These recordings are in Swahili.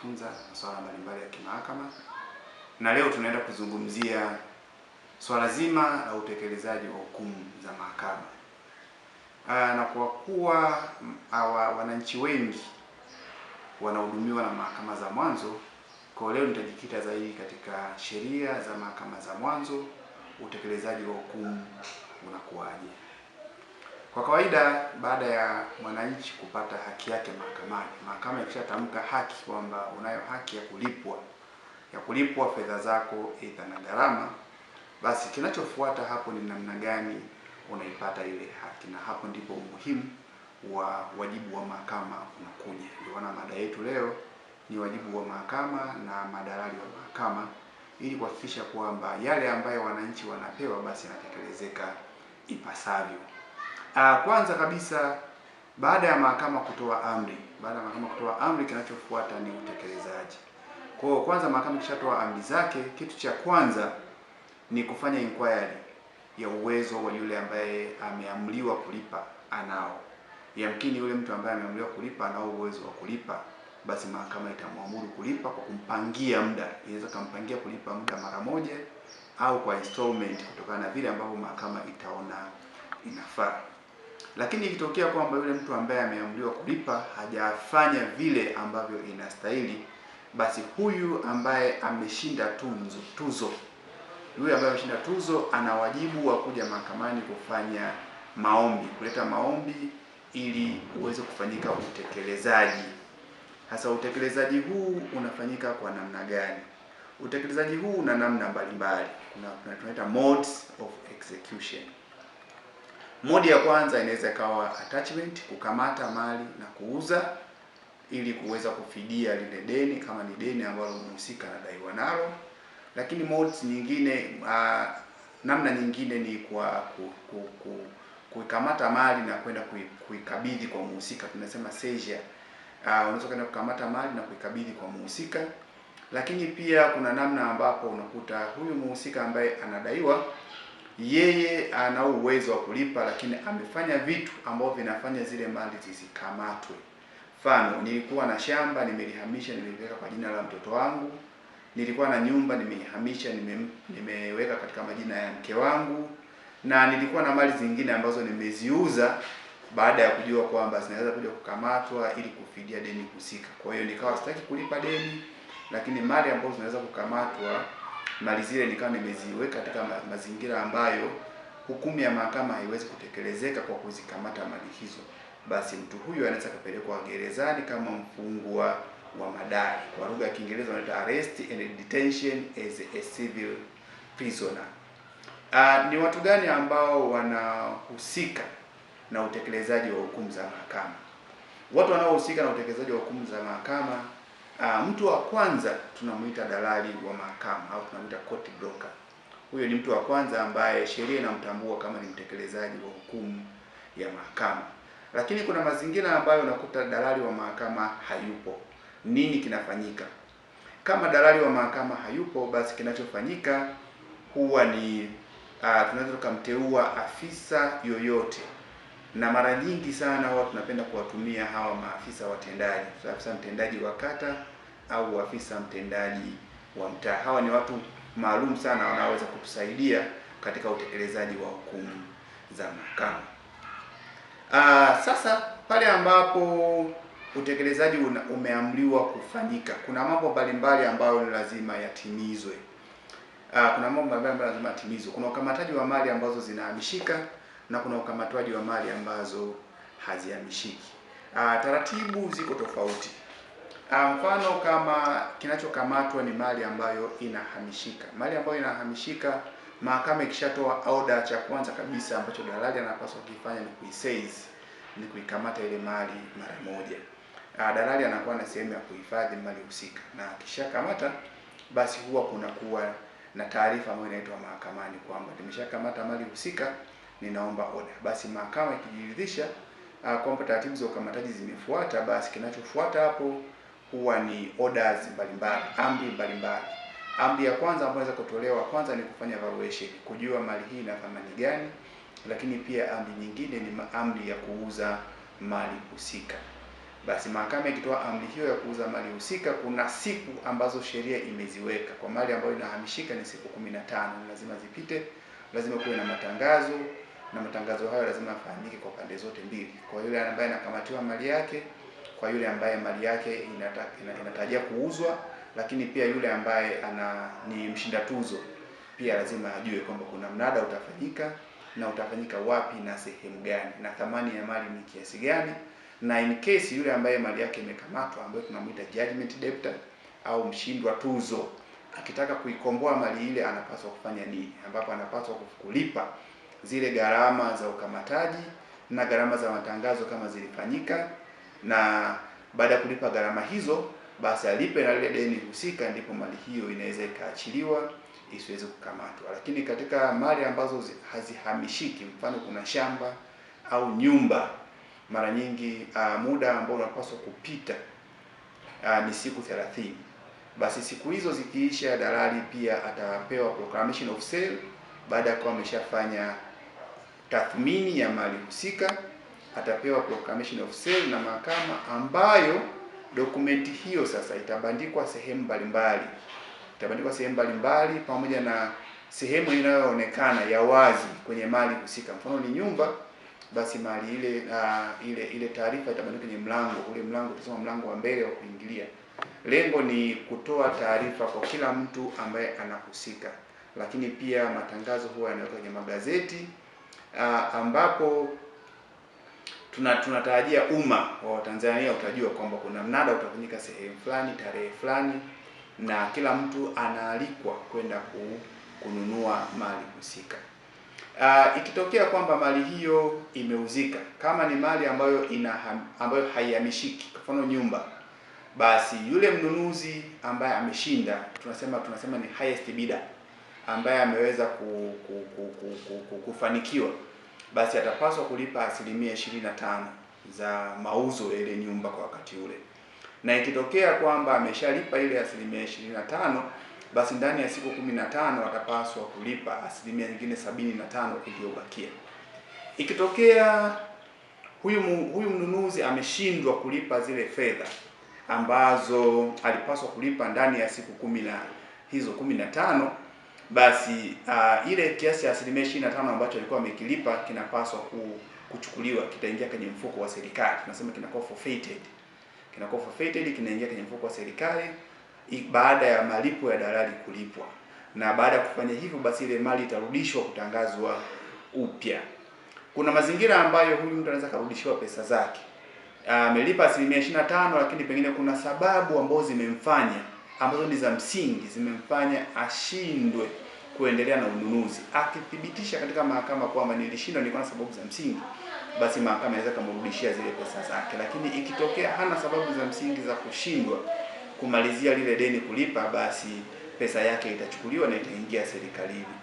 kujifunza masuala mbalimbali ya kimahakama, na leo tunaenda kuzungumzia swala zima la utekelezaji wa hukumu za mahakama. Ah, na kwa kuwa mm, awa, wananchi wengi wanahudumiwa na mahakama za mwanzo, kwa leo nitajikita zaidi katika sheria za mahakama za mwanzo, utekelezaji wa hukumu unakuwaje? Kwa kawaida baada ya mwananchi kupata haki yake mahakamani, mahakama ikishatamka haki kwamba unayo haki ya kulipwa ya kulipwa fedha zako aidha na gharama, basi kinachofuata hapo ni namna gani unaipata ile haki, na hapo ndipo umuhimu wa wajibu wa mahakama unakuja. Ndio maana mada yetu leo ni wajibu wa mahakama na madalali wa mahakama, ili kuhakikisha kwamba yale ambayo wananchi wanapewa basi yanatekelezeka ipasavyo. Ah, kwanza kabisa, baada ya mahakama kutoa amri, baada ya mahakama kutoa amri, kinachofuata ni utekelezaji. Kwa hiyo, kwanza mahakama ikishatoa amri zake, kitu cha kwanza ni kufanya inquiry ya uwezo wa yule ambaye ameamriwa kulipa anao. Yamkini yule mtu ambaye ameamriwa kulipa anao uwezo wa kulipa, basi mahakama itamwamuru kulipa kwa kumpangia muda. Inaweza kumpangia kulipa muda mara moja au kwa installment, kutokana na vile ambavyo mahakama itaona inafaa. Lakini ikitokea kwamba yule mtu ambaye ameamriwa kulipa hajafanya vile ambavyo inastahili, basi huyu ambaye ameshinda tunzo, tuzo yule ambaye ameshinda tuzo ana wajibu wa kuja mahakamani kufanya maombi, kuleta maombi ili uweze kufanyika utekelezaji. Hasa utekelezaji huu unafanyika kwa namna gani? Utekelezaji huu una namna mbalimbali, kuna tunaita modes of execution. Modi ya kwanza inaweza ikawa attachment, kukamata mali na kuuza ili kuweza kufidia lile deni kama ni deni ambalo mhusika anadaiwa nalo. Lakini modes nyingine uh, namna nyingine ni kwa ku, ku, ku, kuikamata mali na kwenda kuikabidhi kwa mhusika, tunasema seizure. Uh, unaweza kwenda kukamata mali na kuikabidhi kwa mhusika, lakini pia kuna namna ambapo unakuta huyu mhusika ambaye anadaiwa yeye ana uwezo wa kulipa, lakini amefanya vitu ambavyo vinafanya zile mali zisikamatwe. Mfano, nilikuwa na shamba nimelihamisha, nimeliweka kwa jina la mtoto wangu. Nilikuwa na nyumba nimeihamisha, nimeweka katika majina ya mke wangu, na nilikuwa na mali zingine ambazo nimeziuza baada ya kujua kwamba zinaweza kuja kukamatwa ili kufidia deni husika. Kwa hiyo nikawa sitaki kulipa deni, lakini mali ambazo zinaweza kukamatwa mali zile nikawa nimeziweka katika mazingira ambayo hukumu ya mahakama haiwezi kutekelezeka kwa kuzikamata mali hizo, basi mtu huyu anaweza kupelekwa gerezani kama mfungwa wa madai. Kwa lugha ya Kiingereza wanaita arrest and detention as a civil prisoner. Uh, ni watu gani ambao wanahusika na utekelezaji wa hukumu za mahakama? Watu wanaohusika na utekelezaji wa hukumu za mahakama Uh, mtu wa kwanza tunamuita dalali wa mahakama au tunamuita court broker. Huyo ni mtu wa kwanza ambaye sheria inamtambua kama ni mtekelezaji wa hukumu ya mahakama, lakini kuna mazingira ambayo unakuta dalali wa mahakama hayupo. Nini kinafanyika? Kama dalali wa mahakama hayupo, basi kinachofanyika huwa ni uh, tunaweza tukamteua afisa yoyote na mara nyingi sana huwa tunapenda kuwatumia hawa maafisa watendaji, afisa mtendaji wa kata, au afisa mtendaji wa mtaa. Hawa ni watu maalum sana wanaoweza kutusaidia katika utekelezaji wa hukumu za mahakama. Ah, sasa pale ambapo utekelezaji umeamriwa kufanyika, kuna mambo mbalimbali ambayo ni lazima yatimizwe. Ah, kuna mambo mbalimbali ambayo lazima yatimizwe. Kuna ukamataji wa mali ambazo zinahamishika na kuna ukamataji wa mali ambazo hazihamishiki. Ah, taratibu ziko tofauti. Ah, mfano kama kinachokamatwa ni mali ambayo inahamishika. Mali ambayo inahamishika, mahakama ikishatoa order, cha kwanza kabisa ambacho dalali anapaswa kufanya ni kuiseize, ni kuikamata ile mali mara moja. Ah, dalali anakuwa na sehemu ya kuhifadhi mali husika, na akishakamata basi huwa kunakuwa na taarifa ambayo inaitwa mahakamani kwamba nimeshakamata mali husika, ninaomba order. Basi mahakama ikijiridhisha ah, kwamba taratibu za ukamataji zimefuata, basi kinachofuata hapo huwa ni orders mbalimbali, amri mbalimbali. Amri ya kwanza ambayo inaweza kutolewa kwanza ni kufanya valuation, kujua mali hii ina thamani gani, lakini pia amri nyingine ni amri ya kuuza mali husika. Basi mahakama ikitoa amri hiyo ya kuuza mali husika, kuna siku ambazo sheria imeziweka kwa mali ambayo inahamishika ni siku 15 lazima zipite, lazima kuwe na matangazo na matangazo hayo lazima yafahamike kwa pande zote mbili, kwa yule ambaye anakamatiwa mali yake kwa yule ambaye mali yake inatarajia kuuzwa, lakini pia yule ambaye ana ni mshinda tuzo pia lazima ajue kwamba kuna mnada utafanyika na utafanyika wapi na sehemu gani na thamani ya mali ni kiasi gani, na in case yule ambaye mali yake imekamatwa, ambaye tunamuita judgment debtor au mshindwa tuzo, akitaka kuikomboa mali ile anapaswa kufanya nini, ambapo anapaswa kulipa zile gharama za ukamataji na gharama za matangazo kama zilifanyika na baada ya kulipa gharama hizo, basi alipe na lile deni husika, ndipo mali hiyo inaweza ikaachiliwa isiweze kukamatwa. Lakini katika mali ambazo hazihamishiki, mfano kuna shamba au nyumba, mara nyingi uh, muda ambao unapaswa kupita uh, ni siku thelathini. Basi siku hizo zikiisha, dalali pia atapewa proclamation of sale baada ya kuwa ameshafanya tathmini ya mali husika atapewa proclamation of sale na mahakama, ambayo dokumenti hiyo sasa itabandikwa sehemu mbalimbali, itabandikwa sehemu mbalimbali pamoja na sehemu inayoonekana ya wazi kwenye mali husika. Mfano ni nyumba, basi mali ile uh, ile ile taarifa itabandikwa kwenye mlango ule, mlango tunasema mlango wa mbele wa kuingilia. Lengo ni kutoa taarifa kwa kila mtu ambaye anahusika, lakini pia matangazo huwa yanawekwa kwenye magazeti uh, ambapo tuna tunatarajia umma wa Watanzania utajua kwamba kuna mnada utafanyika sehemu fulani tarehe fulani, na kila mtu anaalikwa kwenda kununua mali husika. Uh, ikitokea kwamba mali hiyo imeuzika, kama ni mali ambayo ina ambayo haihamishiki, kwa mfano nyumba, basi yule mnunuzi ambaye ameshinda, tunasema tunasema ni highest bidder ambaye ameweza ku, ku, ku, ku, ku, ku, kufanikiwa basi atapaswa kulipa asilimia tano za mauzo ya ile nyumba kwa wakati ule, na ikitokea kwamba ameshalipa ile asilimia tano basi ndani ya siku tano atapaswa kulipa asilimia nyingine tano iliyobakia. Ikitokea huyu huyu mnunuzi ameshindwa kulipa zile fedha ambazo alipaswa kulipa ndani ya siku kumi na hizo basi uh, ile kiasi ya asilimia ishirini na tano ambacho alikuwa amekilipa kinapaswa kuchukuliwa, kitaingia kwenye mfuko wa serikali. Tunasema kinakuwa forfeited, kinakuwa forfeited, kinaingia kwenye mfuko wa serikali baada ya malipo ya dalali kulipwa, na baada ya kufanya hivyo, basi ile mali itarudishwa kutangazwa upya. Kuna mazingira ambayo huyu mtu anaweza karudishiwa pesa zake, ah, amelipa uh, asilimia ishirini na tano, lakini pengine kuna sababu ambazo zimemfanya ambazo ni za msingi zimemfanya ashindwe kuendelea na ununuzi. Akithibitisha katika mahakama kwamba nilishindwa, nilikuwa na sababu za msingi, basi mahakama inaweza kumrudishia zile pesa zake. Lakini ikitokea hana sababu za msingi za kushindwa kumalizia lile deni kulipa, basi pesa yake itachukuliwa na itaingia serikalini.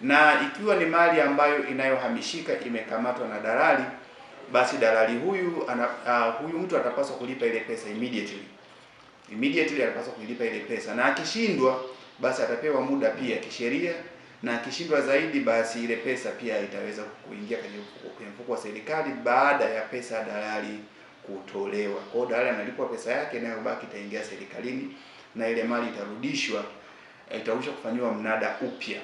Na ikiwa ni mali ambayo inayohamishika imekamatwa na dalali, basi dalali huyu ana, uh, huyu mtu atapaswa kulipa ile pesa immediately immediately, atapaswa kulipa ile pesa, na akishindwa basi atapewa muda pia kisheria, na akishindwa zaidi, basi ile pesa pia itaweza kuingia kwenye mfuko wa serikali baada ya pesa dalali kutolewa. Kwa hiyo dalali analipwa pesa yake, nayo baki itaingia serikalini na ile mali itarudishwa, itarudishwa kufanyiwa mnada upya.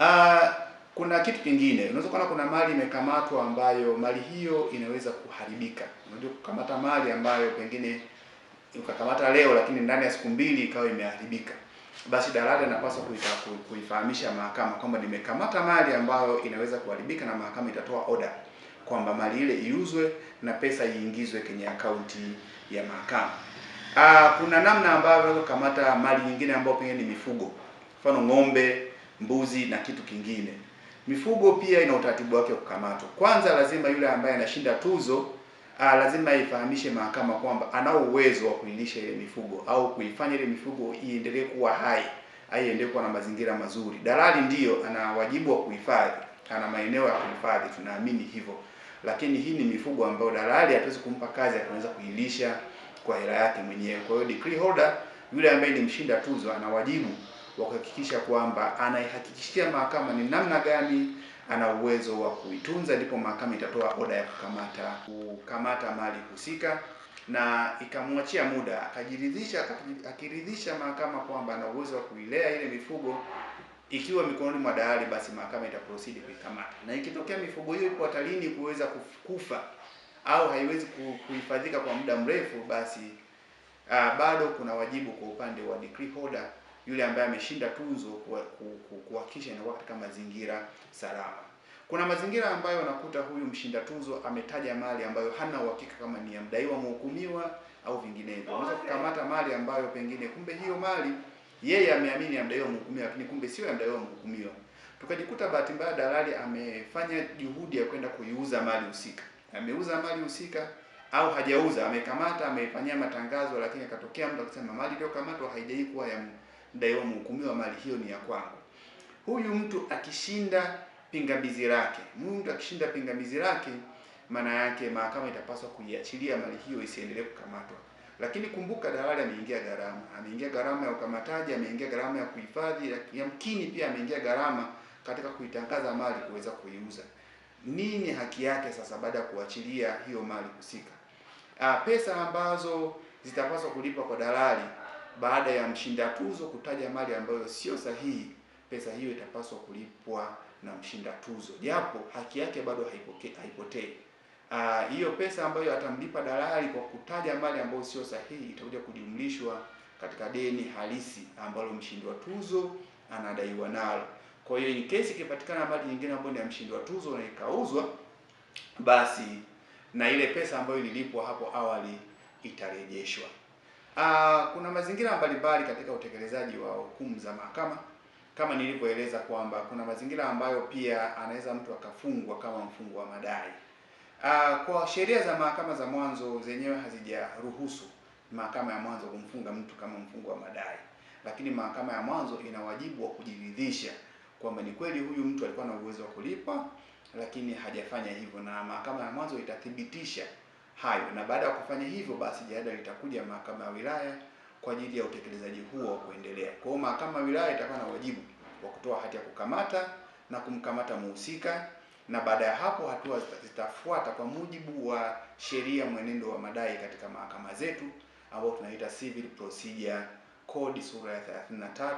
Ah, kuna kitu kingine, unaweza kuona kuna mali imekamatwa ambayo mali hiyo inaweza kuharibika. Unajua kukamata mali ambayo pengine ukakamata leo, lakini ndani ya siku mbili ikawa imeharibika basi dalali anapaswa kuifahamisha mahakama kwamba nimekamata mali ambayo inaweza kuharibika, na mahakama itatoa oda kwamba mali ile iuzwe na pesa iingizwe kwenye akaunti ya mahakama. Ah, kuna namna ambayo unaweza kukamata mali nyingine ambayo pengine ni mifugo, mfano ng'ombe, mbuzi na kitu kingine. Mifugo pia ina utaratibu wake wa kukamatwa. Kwanza lazima yule ambaye anashinda tuzo a, ah, lazima ifahamishe mahakama kwamba ana uwezo wa kuilisha ile mifugo au kuifanya ile mifugo iendelee kuwa hai, aiendelee kuwa na mazingira mazuri. Dalali ndiyo ana wajibu wa kuhifadhi, ana maeneo ya kuhifadhi, tunaamini hivyo, lakini hii ni mifugo ambayo dalali hatuwezi kumpa kazi ya kuweza kuilisha kwa hela yake mwenyewe. Kwa hiyo decree holder yule ambaye ni mshinda tuzo ana wajibu wa kuhakikisha kwamba anaihakikishia mahakama ni namna gani ana uwezo wa kuitunza, ndipo mahakama itatoa oda ya kukamata kukamata mali husika na ikamwachia muda akajiridhisha. Akiridhisha mahakama kwamba ana uwezo wa kuilea ile mifugo ikiwa mikononi mwa dalali, basi mahakama itaprosidi kuikamata, na ikitokea mifugo hiyo ipo hatarini kuweza kufa au haiwezi kuhifadhika kwa muda mrefu, basi uh, bado kuna wajibu kwa upande wa decree holder yule ambaye ameshinda tunzo kuhakikisha inakuwa katika mazingira salama. Kuna mazingira ambayo unakuta huyu mshinda tuzo ametaja mali ambayo hana uhakika kama ni ya mdaiwa, mhukumiwa au vinginevyo. Unaweza kukamata mali ambayo pengine kumbe hiyo mali yeye ameamini ya mdaiwa, mhukumiwa, lakini kumbe sio ya mdaiwa, mhukumiwa. Tukajikuta bahati mbaya dalali amefanya juhudi ya kwenda kuiuza mali husika, ameuza mali husika au hajauza, amekamata, amefanyia matangazo, lakini akatokea mtu akisema mali iliyokamatwa haijai kuwa ya daiwa mhukumiwa, mali hiyo ni ya kwangu. Huyu mtu akishinda pingamizi lake, mtu akishinda pingamizi lake, maana yake mahakama itapaswa kuiachilia mali hiyo isiendelee kukamatwa. Lakini kumbuka, dalali ameingia gharama, ameingia gharama ya ukamataji, ameingia gharama ya kuhifadhi, yamkini pia ameingia gharama katika kuitangaza mali kuweza kuiuza. Nini haki yake sasa baada ya kuachilia hiyo mali husika? Ah, pesa ambazo zitapaswa kulipa kwa dalali baada ya mshinda tuzo kutaja mali ambayo sio sahihi, pesa hiyo itapaswa kulipwa na mshinda tuzo, japo haki yake bado haipotei. Uh, hiyo pesa ambayo atamlipa dalali kwa kutaja mali ambayo sio sahihi itakuja kujumlishwa katika deni halisi ambalo mshindi wa tuzo anadaiwa nalo. Kwa hiyo in case ikipatikana mali nyingine ambayo ni ya mshindi wa tuzo na ikauzwa, basi na ile pesa ambayo ililipwa hapo awali itarejeshwa. Uh, kuna mazingira mbalimbali katika utekelezaji wa hukumu za mahakama kama nilivyoeleza kwamba kuna mazingira ambayo pia anaweza mtu akafungwa kama mfungwa wa madai. Uh, kwa sheria za mahakama za mwanzo zenyewe hazijaruhusu mahakama ya mwanzo kumfunga mtu kama mfungwa wa madai, lakini mahakama ya mwanzo ina wajibu wa kujiridhisha kwamba ni kweli huyu mtu alikuwa na uwezo wa kulipa, lakini hajafanya hivyo, na mahakama ya mwanzo itathibitisha hayo, na baada ya kufanya hivyo, basi jalada litakuja mahakama ya wilaya kwa ajili ya utekelezaji huo wa kuendelea. Kwa hiyo mahakama ya wilaya itakuwa na wajibu wa kutoa hati ya kukamata na kumkamata muhusika, na baada ya hapo hatua zitafuata kwa mujibu wa sheria mwenendo wa madai katika mahakama zetu ambao tunaita Civil Procedure Code sura ya 33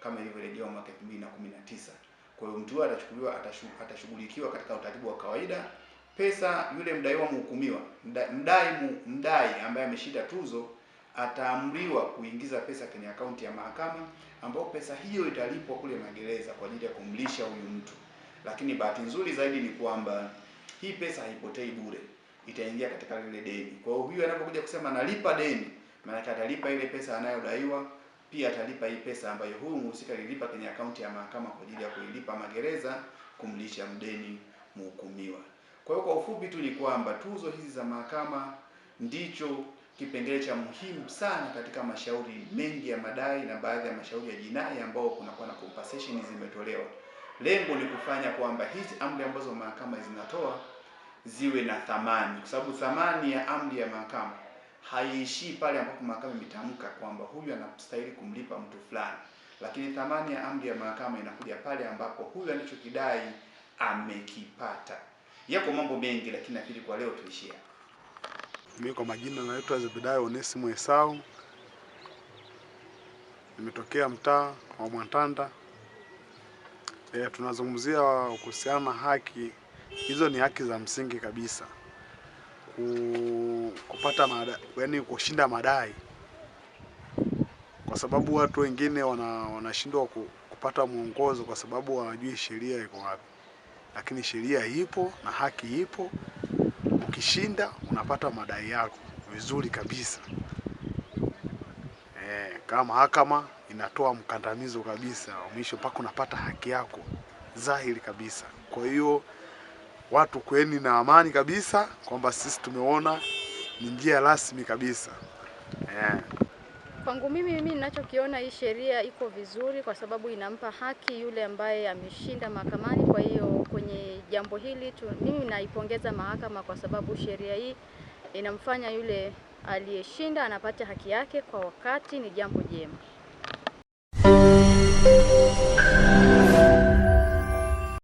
kama ilivyorejewa mwaka 2019. Kwa hiyo mtu atachukuliwa, atashughulikiwa katika utaratibu wa kawaida pesa yule mdaiwa mhukumiwa mdai mdai, ambaye ameshinda tuzo ataamriwa kuingiza pesa kwenye akaunti ya mahakama, ambapo pesa hiyo italipwa kule magereza kwa ajili ya kumlisha huyu mtu. Lakini bahati nzuri zaidi ni kwamba hii pesa haipotei bure, itaingia katika lile deni. Kwa hiyo huyu anapokuja kusema analipa deni, maana atalipa ile pesa anayodaiwa, pia atalipa hii pesa ambayo huyu mhusika alilipa kwenye akaunti ya mahakama kwa ajili ya kuilipa magereza kumlisha mdeni mhukumiwa. Kwa hiyo kwa ufupi tu ni kwamba tuzo hizi za mahakama ndicho kipengele cha muhimu sana katika mashauri mengi ya madai na baadhi ya mashauri ya jinai ambao kunakuwa na compensation zimetolewa. Lengo ni kufanya kwamba hizi amri ambazo mahakama zinatoa ziwe na thamani, kwa sababu thamani ya amri ya mahakama haiishii pale ambapo mahakama imetamka kwamba huyu anastahili kumlipa mtu fulani, lakini thamani ya amri ya mahakama inakuja pale ambapo huyu anachokidai amekipata. Yako mambo mengi, lakini nafikiri kwa leo tuishie hapa. Mimi kwa majina naitwa Zebedayo Onesimo Esau, nimetokea mtaa wa Mwantanda. E, tunazungumzia kuhusiana na haki hizo, ni haki za msingi kabisa kupata madai, yani kushinda madai, kwa sababu watu wengine wanashindwa wana kupata mwongozo kwa sababu hawajui sheria iko wapi lakini sheria ipo na haki ipo. Ukishinda unapata madai yako vizuri kabisa. E, kama mahakama inatoa mkandamizo kabisa wa mwisho mpaka unapata haki yako dhahiri kabisa. Kwa hiyo watu kweni na amani kabisa kwamba sisi tumeona ni njia rasmi kabisa e. Kwangu mimi mimi ninachokiona hii sheria iko vizuri, kwa sababu inampa haki yule ambaye ameshinda mahakamani. Kwa hiyo kwenye jambo hili tu, mimi naipongeza mahakama kwa sababu sheria hii inamfanya yule aliyeshinda anapata haki yake kwa wakati, ni jambo jema.